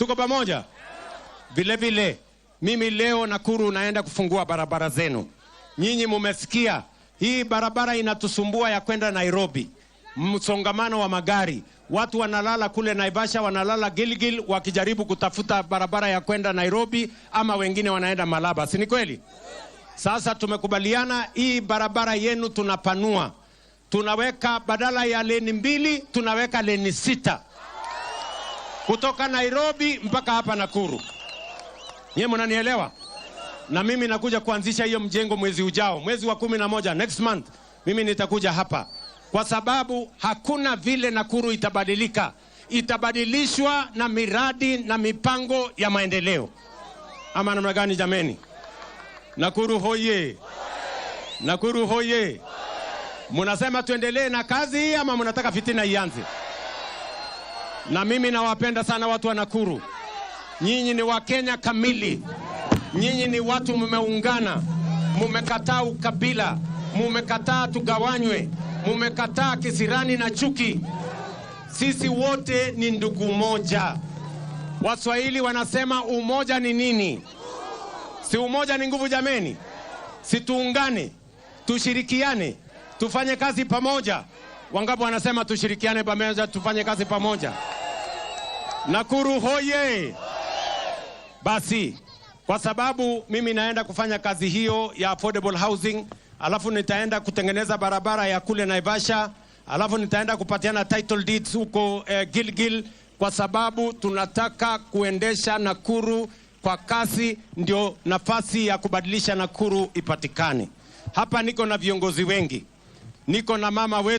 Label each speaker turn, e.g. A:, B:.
A: Tuko pamoja? Vilevile mimi leo Nakuru naenda kufungua barabara zenu. Nyinyi mumesikia hii barabara inatusumbua ya kwenda Nairobi, msongamano wa magari, watu wanalala kule Naivasha, wanalala Gilgil wakijaribu kutafuta barabara ya kwenda Nairobi, ama wengine wanaenda Malaba, si ni kweli? Sasa tumekubaliana hii barabara yenu tunapanua, tunaweka badala ya leni mbili tunaweka leni sita kutoka Nairobi mpaka hapa Nakuru. Nyie mnanielewa? Na mimi nakuja kuanzisha hiyo mjengo mwezi ujao, mwezi wa kumi na moja, next month. Mimi nitakuja hapa kwa sababu hakuna vile Nakuru itabadilika, itabadilishwa na miradi na mipango ya maendeleo. Ama namna gani jameni? Nakuru hoye! Nakuru hoye! Munasema tuendelee na kazi ama munataka fitina ianze? na mimi nawapenda sana watu wa Nakuru. Nyinyi ni Wakenya kamili, nyinyi ni watu mmeungana mumekataa ukabila, mumekataa tugawanywe, mumekataa kisirani na chuki. Sisi wote ni ndugu moja. Waswahili wanasema umoja ni nini? Si umoja ni nguvu jameni? Si tuungane, tushirikiane, tufanye kazi pamoja. Wangapi wanasema tushirikiane pamoja, tufanye kazi pamoja? Nakuru hoye! Basi kwa sababu mimi naenda kufanya kazi hiyo ya affordable housing, alafu nitaenda kutengeneza barabara ya kule Naivasha, alafu nitaenda kupatiana title deeds huko eh, Gilgil, kwa sababu tunataka kuendesha Nakuru kwa kasi, ndio nafasi ya kubadilisha Nakuru ipatikane. Hapa niko na viongozi wengi, niko na mama wetu